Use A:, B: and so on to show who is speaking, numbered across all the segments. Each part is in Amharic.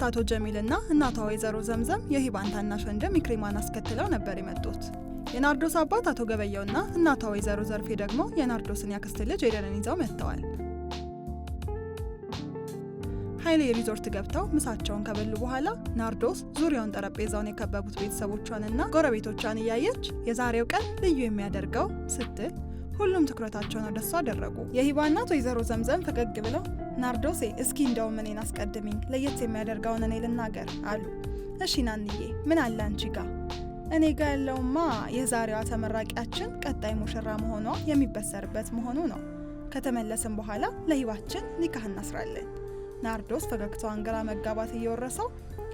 A: አባት አቶ ጀሚል ና እናቷ ወይዘሮ ዘምዘም የሂባን ታናሽ ወንድም ኢክሪማን አስከትለው ነበር የመጡት። የናርዶስ አባት አቶ ገበየው እና እናቷ ወይዘሮ ዘርፌ ደግሞ የናርዶስን ያክስት ልጅ ኤደንን ይዘው መጥተዋል። ኃይሌ ሪዞርት ገብተው ምሳቸውን ከበሉ በኋላ ናርዶስ ዙሪያውን ጠረጴዛውን የከበቡት ቤተሰቦቿንና ጎረቤቶቿን እያየች የዛሬው ቀን ልዩ የሚያደርገው ስትል ሁሉም ትኩረታቸውን ወደሷ አደረጉ። የሂባ እናት ወይዘሮ ዘምዘም ፈገግ ብለው ናርዶሴ፣ እስኪ እንደውም እኔን አስቀድሚኝ፣ ለየት የሚያደርገውን እኔ ልናገር አሉ። እሺ ናንዬ፣ ምን አለ አንቺ ጋ? እኔ ጋ ያለውማ የዛሬዋ ተመራቂያችን ቀጣይ ሙሽራ መሆኗ የሚበሰርበት መሆኑ ነው። ከተመለስን በኋላ ለሂባችን ኒካህ እናስራለን። ናርዶስ ፈገግታዋን ግራ መጋባት እየወረሰው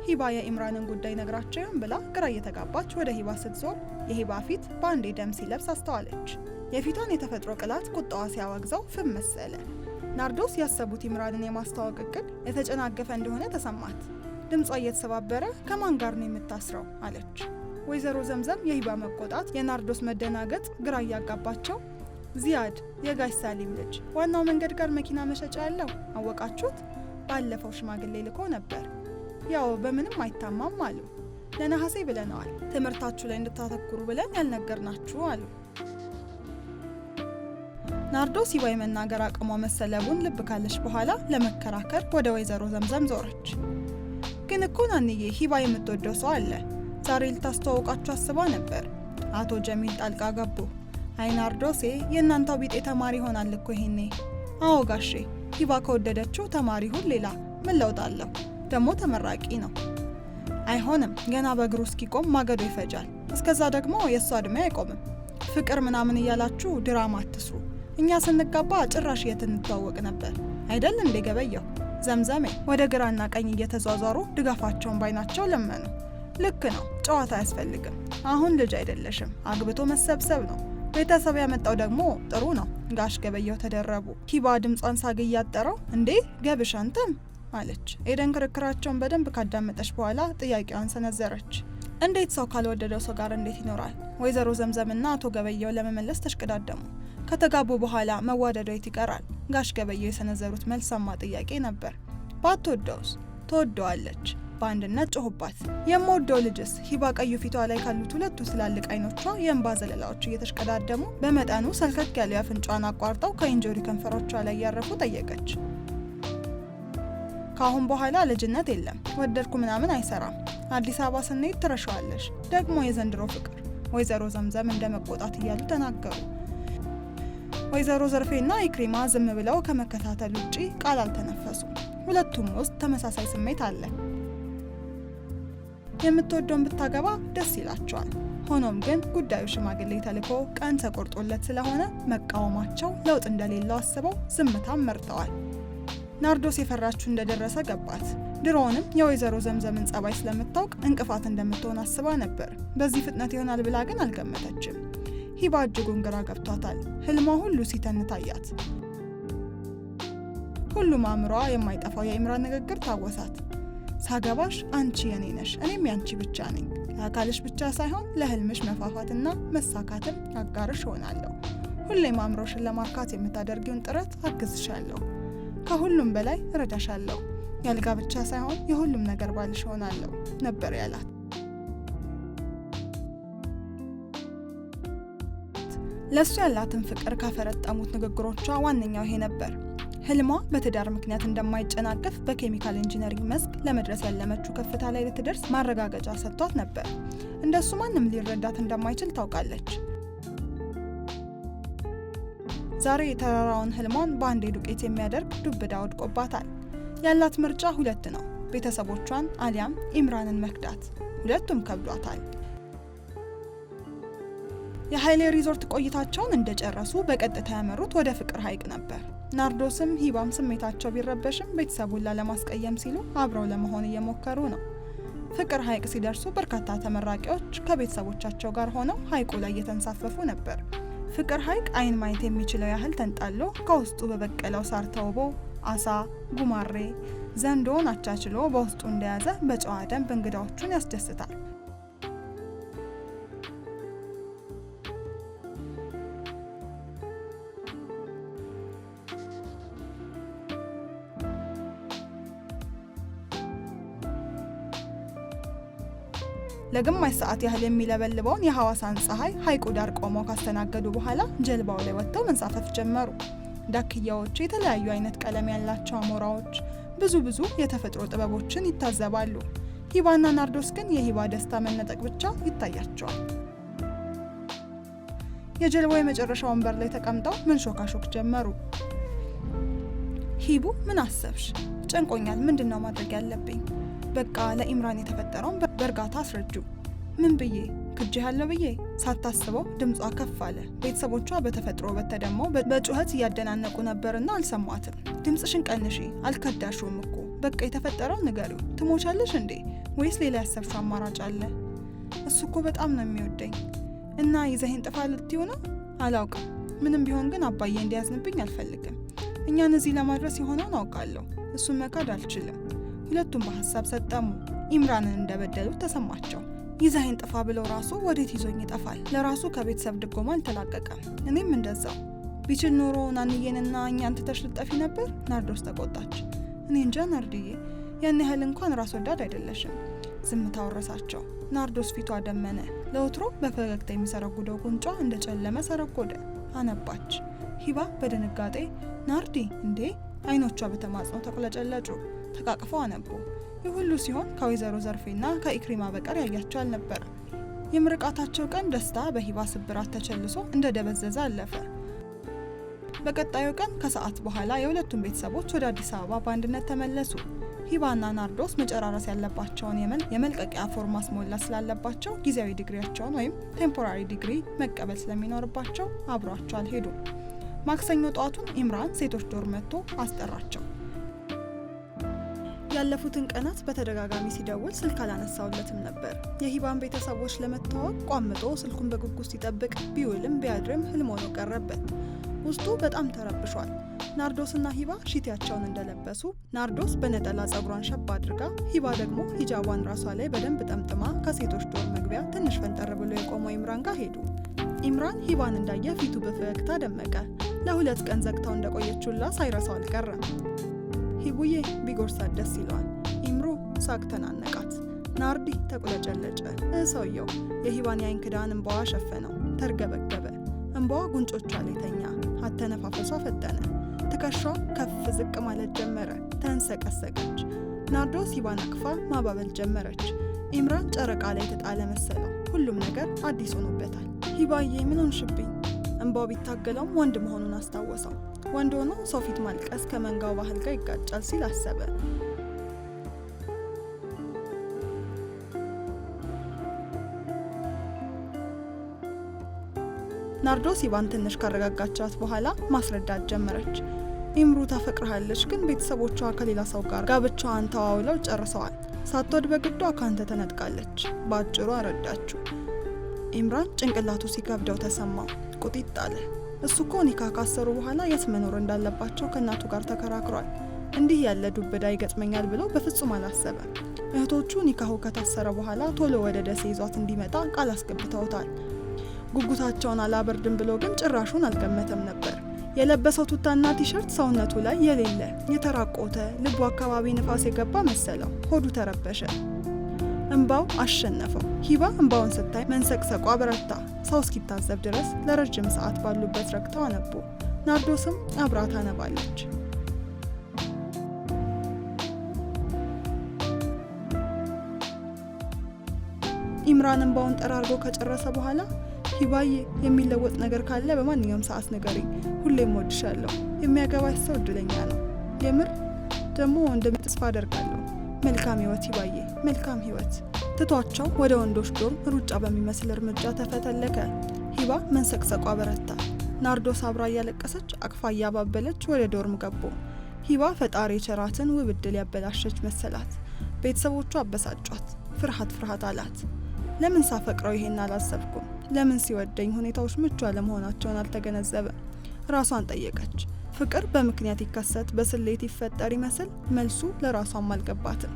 A: ሂባ የኢምራንን ጉዳይ ነግራቸውም ብላ ግራ እየተጋባች ወደ ሂባ ስትዞር የሂባ ፊት በአንዴ ደም ሲለብስ አስተዋለች። የፊቷን የተፈጥሮ ቅላት ቁጣዋ ሲያወግዘው ፍም መሰለ። ናርዶስ ያሰቡት ኢምራንን የማስተዋወቅ እቅድ የተጨናገፈ እንደሆነ ተሰማት። ድምጿ እየተሰባበረ ከማን ጋር ነው የምታስረው? አለች። ወይዘሮ ዘምዘም የሂባ መቆጣት፣ የናርዶስ መደናገጥ ግራ እያጋባቸው ዚያድ የጋሽ ሳሊም ልጅ ዋናው መንገድ ጋር መኪና መሸጫ ያለው አወቃችሁት ባለፈው ሽማግሌ ልኮ ነበር። ያው በምንም አይታማም አሉ። ለነሐሴ ብለነዋል። ትምህርታችሁ ላይ እንድታተኩሩ ብለን ያልነገርናችሁ አሉ። ናርዶስ ሲባይ መናገር አቅሟ መሰለቡን ልብ ካለች በኋላ ለመከራከር ወደ ወይዘሮ ዘምዘም ዞረች። ግን እኮ ናንዬ ሂባ የምትወደው ሰው አለ። ዛሬ ልታስተዋውቃችሁ አስባ ነበር። አቶ ጀሚል ጣልቃ ገቡ። አይ ናርዶሴ፣ የእናንተው ቢጤ ተማሪ ይሆናል እኮ ይሄኔ። አዎ ጋሼ ሂባ ከወደደችው ተማሪ ሁን ሌላ ምን ለውጥ አለው? ደግሞ ተመራቂ ነው። አይሆንም። ገና በእግሩ እስኪቆም ማገዶ ይፈጃል። እስከዛ ደግሞ የእሱ እድሜ አይቆምም። ፍቅር ምናምን እያላችሁ ድራማ አትስሩ። እኛ ስንጋባ ጭራሽ የት እንተዋወቅ ነበር አይደል እንዴ ገበየው? ዘምዘሜ ወደ ግራና ቀኝ እየተዟዟሩ ድጋፋቸውን ባይናቸው ለመኑ። ልክ ነው፣ ጨዋታ አያስፈልግም። አሁን ልጅ አይደለሽም፣ አግብቶ መሰብሰብ ነው። ቤተሰብ ያመጣው ደግሞ ጥሩ ነው። ጋሽ ገበየው ተደረቡ ኪባ ድምጿን ሳግ እያጠረው እንዴ ገብሽ አንተም አለች። ኤደን ክርክራቸውን በደንብ ካዳመጠች በኋላ ጥያቄዋን ሰነዘረች። እንዴት ሰው ካልወደደው ሰው ጋር እንዴት ይኖራል? ወይዘሮ ዘምዘምና አቶ ገበየው ለመመለስ ተሽቀዳደሙ። ከተጋቡ በኋላ መዋደዱ የት ይቀራል? ጋሽ ገበየው የሰነዘሩት መልሳማ ጥያቄ ነበር። ባትወደውስ? ትወደዋለች በአንድነት ጮሁባት። የምወደው ልጅስ ሂባ ቀዩ ፊቷ ላይ ካሉት ሁለቱ ስላልቅ አይኖቿ የእንባ ዘለላዎች እየተሽቀዳደሙ በመጠኑ ሰልከክ ያለው አፍንጫዋን አቋርጠው ከእንጆሪ ከንፈሮቿ ላይ ያረፉ ጠየቀች። ከአሁን በኋላ ልጅነት የለም፣ ወደድኩ ምናምን አይሰራም። አዲስ አበባ ስንሄድ ትረሸዋለሽ። ደግሞ የዘንድሮ ፍቅር ወይዘሮ ዘምዘም እንደ መቆጣት እያሉ ተናገሩ። ወይዘሮ ዘርፌና ኢክሪማ ዝም ብለው ከመከታተል ውጪ ቃል አልተነፈሱም። ሁለቱም ውስጥ ተመሳሳይ ስሜት አለ። የምትወደውን ብታገባ ደስ ይላቸዋል። ሆኖም ግን ጉዳዩ ሽማግሌ ተልኮ ቀን ተቆርጦለት ስለሆነ መቃወማቸው ለውጥ እንደሌለው አስበው ዝምታም መርጠዋል። ናርዶስ የፈራችሁ እንደደረሰ ገባት። ድሮውንም የወይዘሮ ዘምዘምን ጸባይ ስለምታውቅ እንቅፋት እንደምትሆን አስባ ነበር። በዚህ ፍጥነት ይሆናል ብላ ግን አልገመተችም። ሂባ እጅጉን ግራ ገብቷታል። ህልሟ ሁሉ ሲተን ታያት። ሁሉም አእምሯ የማይጠፋው የኢምራን ንግግር ታወሳት። ሳገባሽ አንቺ የኔ ነሽ፣ እኔም ያንቺ ብቻ ነኝ። ለአካልሽ ብቻ ሳይሆን ለህልምሽ መፋፋትና መሳካትም አጋርሽ እሆናለሁ። ሁሌም አእምሮሽን ለማርካት የምታደርጊውን ጥረት አግዝሻለሁ። ከሁሉም በላይ እረዳሻለሁ። ያልጋ ብቻ ሳይሆን የሁሉም ነገር ባልሽ እሆናለሁ ነበር ያላት። ለእሱ ያላትን ፍቅር ካፈረጠሙት ንግግሮቿ ዋነኛው ይሄ ነበር። ህልሟ በትዳር ምክንያት እንደማይጨናገፍ በኬሚካል ኢንጂነሪንግ መስክ ለመድረስ ያለመችው ከፍታ ላይ ልትደርስ ማረጋገጫ ሰጥቷት ነበር። እንደሱ ማንም ሊረዳት እንደማይችል ታውቃለች። ዛሬ የተራራውን ህልሟን በአንዴ ዱቄት የሚያደርግ ዱብዳ ወድቆባታል። ያላት ምርጫ ሁለት ነው፣ ቤተሰቦቿን አሊያም ኢምራንን መክዳት። ሁለቱም ከብዷታል። የኃይሌ ሪዞርት ቆይታቸውን እንደጨረሱ በቀጥታ ያመሩት ወደ ፍቅር ሐይቅ ነበር። ናርዶስም ሂባም ስሜታቸው ቢረበሽም ቤተሰቡን ላለማስቀየም ሲሉ አብረው ለመሆን እየሞከሩ ነው። ፍቅር ሐይቅ ሲደርሱ በርካታ ተመራቂዎች ከቤተሰቦቻቸው ጋር ሆነው ሐይቁ ላይ እየተንሳፈፉ ነበር። ፍቅር ሐይቅ አይን ማየት የሚችለው ያህል ተንጣሎ ከውስጡ በበቀለው ሳር ተውቦ አሳ፣ ጉማሬ፣ ዘንዶን አቻችሎ በውስጡ እንደያዘ በጨዋ ደንብ እንግዳዎቹን ያስደስታል። ለግማሽ ሰዓት ያህል የሚለበልበውን የሐዋሳን ፀሐይ ሐይቁ ዳር ቆመው ካስተናገዱ በኋላ ጀልባው ላይ ወጥተው መንሳፈፍ ጀመሩ። ዳክያዎች፣ የተለያዩ አይነት ቀለም ያላቸው አሞራዎች፣ ብዙ ብዙ የተፈጥሮ ጥበቦችን ይታዘባሉ። ሂባና ናርዶስ ግን የሂባ ደስታ መነጠቅ ብቻ ይታያቸዋል። የጀልባው የመጨረሻ ወንበር ላይ ተቀምጠው መንሾካሾክ ጀመሩ። ሂቡ ምን አሰብሽ? ጨንቆኛል። ምንድን ነው ማድረግ ያለብኝ? በቃ ለኢምራን የተፈጠረውን በእርጋታ አስረጁ። ምን ብዬ ያለው ብዬ ሳታስበው ድምጿ ከፍ አለ። ቤተሰቦቿ በተፈጥሮ በተ ደግሞ በጩኸት እያደናነቁ ነበርና አልሰማትም። ድምፅሽን ቀንሺ፣ አልከዳሹም እኮ በቃ የተፈጠረው ንገሪው። ትሞቻለሽ እንዴ ወይስ ሌላ ያሰብሽው አማራጭ አለ? እሱ እኮ በጣም ነው የሚወደኝ እና ይዘህን ጥፋ ልትዩ ነው አላውቅም። ምንም ቢሆን ግን አባዬ እንዲያዝንብኝ አልፈልግም። እኛን እዚህ ለማድረስ የሆነውን አውቃለሁ። እሱን መካድ አልችልም። ሁለቱም በሀሳብ ሰጠሙ። ኢምራንን እንደበደሉት ተሰማቸው። ይዘኸኝ ጥፋ ብለው ራሱ ወዴት ይዞኝ ይጠፋል? ለራሱ ከቤተሰብ ድጎማ አልተላቀቀም። እኔም እንደዛው ቢችል ኖሮ ናንዬንና እኛን ትተሽ ልጠፊ ነበር። ናርዶስ ተቆጣች። እኔ እንጃ ናርድዬ፣ ያን ያህል እንኳን ራስ ወዳድ አይደለሽም። ዝምታ ወረሳቸው። ናርዶስ ፊቷ ደመነ። ለውትሮ በፈገግታ የሚሰረጉደው ጉንጯ እንደ ጨለመ ሰረጎደ። አነባች። ሂባ በድንጋጤ ናርዲ እንዴ! አይኖቿ በተማጽኖ ተቁለጨለጩ። ተቃቅፈው አነቡ። ይህ ሁሉ ሲሆን ከወይዘሮ ዘርፌና ከኢክሪማ በቀር ያያቸው አልነበረም። የምርቃታቸው ቀን ደስታ በሂባ ስብራት ተቸልሶ እንደ ደበዘዘ አለፈ። በቀጣዩ ቀን ከሰዓት በኋላ የሁለቱም ቤተሰቦች ወደ አዲስ አበባ በአንድነት ተመለሱ። ሂባና ናርዶስ መጨራረስ ያለባቸውን የመልቀቂያ ፎርም ማስሞላት ስላለባቸው ጊዜያዊ ዲግሪያቸውን ወይም ቴምፖራሪ ዲግሪ መቀበል ስለሚኖርባቸው አብሯቸው አልሄዱም። ማክሰኞ ጠዋቱን ኢምራን ሴቶች ዶር መጥቶ አስጠራቸው። ያለፉትን ቀናት በተደጋጋሚ ሲደውል ስልክ አላነሳውለትም ነበር። የሂባን ቤተሰቦች ለመተዋወቅ ቋምጦ ስልኩን በጉጉት ሲጠብቅ ቢውልም ቢያድርም ህልም ሆኖ ቀረበት። ውስጡ በጣም ተረብሿል። ናርዶስና ሂባ ሺቲያቸውን እንደለበሱ፣ ናርዶስ በነጠላ ጸጉሯን ሸብ አድርጋ፣ ሂባ ደግሞ ሂጃቧን ራሷ ላይ በደንብ ጠምጥማ ከሴቶች ዶር መግቢያ ትንሽ ፈንጠር ብሎ የቆመው ኢምራን ጋር ሄዱ። ኢምራን ሂባን እንዳየ ፊቱ በፈገግታ ደመቀ። ለሁለት ቀን ዘግታው እንደቆየችውላ ሳይረሳው አልቀረም። ሂቡዬ ቢጎርሳት ደስ ይለዋል። ኢምሮ ሳቅ ተናነቃት። ናርዲ ተቁለጨለጨ። ሰውየው የሂባን የአይን ክዳን እንባዋ ሸፈነው። ተርገበገበ። እንባዋ ጉንጮቿ ላይ ተኛ። አተነፋፈሷ ፈጠነ። ትከሻ ከፍ ዝቅ ማለት ጀመረ። ተንሰቀሰቀች። ናርዶስ ሂባን አቅፋ ማባበል ጀመረች። ኢምራን ጨረቃ ላይ የተጣለ መሰለው። ሁሉም ነገር አዲስ ሆኖበታል። ሂባዬ ምን ሆንሽብኝ እንባው ቢታገለውም ወንድ መሆኑን አስታወሰው። ወንድ ሆኖ ሰው ፊት ማልቀስ ከመንጋው ባህል ጋር ይጋጫል ሲል አሰበ። ናርዶስ ኢቫን ትንሽ ካረጋጋቻት በኋላ ማስረዳት ጀመረች። ኢምሩ ታፈቅርሃለች፣ ግን ቤተሰቦቿ ከሌላ ሰው ጋር ጋብቻዋን ተዋውለው ጨርሰዋል። ሳትወድ በግዷ ካንተ ተነጥቃለች። በአጭሩ አረዳችሁ። ኢምራን ጭንቅላቱ ሲከብደው ተሰማው። ቁጢጥ ይጣል። እሱ እኮ ኒካ ካሰሩ በኋላ የት መኖር እንዳለባቸው ከእናቱ ጋር ተከራክሯል። እንዲህ ያለ ዱብዳ ይገጥመኛል ብሎ በፍጹም አላሰበም። እህቶቹ ኒካሁ ከታሰረ በኋላ ቶሎ ወደ ደሴ ይዟት እንዲመጣ ቃል አስገብተውታል። ጉጉታቸውን አላበርድም ብሎ ግን ጭራሹን አልገመተም ነበር። የለበሰው ቱታና ቲሸርት ሰውነቱ ላይ የሌለ የተራቆተ ልቡ አካባቢ ንፋስ የገባ መሰለው። ሆዱ ተረበሸ። እንባው አሸነፈው። ሂባ እንባውን ስታይ መንሰቅሰቋ በረታ። ሰው እስኪታዘብ ድረስ ለረጅም ሰዓት ባሉበት ረግተው አነቡ። ናርዶስም አብራ ታነባለች። ኢምራን እንባውን ጠራርጎ ከጨረሰ በኋላ ሂባዬ፣ የሚለወጥ ነገር ካለ በማንኛውም ሰዓት ንገሪ፣ ሁሌም ወድሻለሁ። የሚያገባሽ ሰው እድለኛ ነው። የምር ደግሞ እንደሚጥስፋ አደርጋለሁ መልካም ህይወት ይባየ መልካም ህይወት። ትቷቸው ወደ ወንዶች ዶርም ሩጫ በሚመስል እርምጃ ተፈተለከ። ሂባ መንሰቅሰቋ በረታ። ናርዶስ አብራ እያለቀሰች አቅፋ እያባበለች ወደ ዶርም ገቡ። ሂባ ፈጣሪ የቸራትን ውብ እድል ያበላሸች መሰላት። ቤተሰቦቿ አበሳጯት። ፍርሃት ፍርሃት አላት። ለምን ሳፈቅረው ይሄን አላሰብኩም? ለምን ሲወደኝ ሁኔታዎች ምቹ አለመሆናቸውን አልተገነዘበ? ራሷን ጠየቀች። ፍቅር በምክንያት ይከሰት በስሌት ይፈጠር ይመስል መልሱ ለራሷም አልገባትም።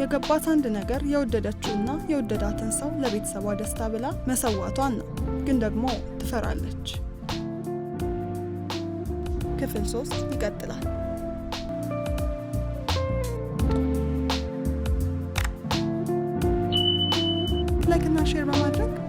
A: የገባት አንድ ነገር የወደደችውና የወደዳትን ሰው ለቤተሰቧ ደስታ ብላ መሰዋቷን ነው። ግን ደግሞ ትፈራለች። ክፍል ሶስት ይቀጥላል። ላይክና ሼር በማድረግ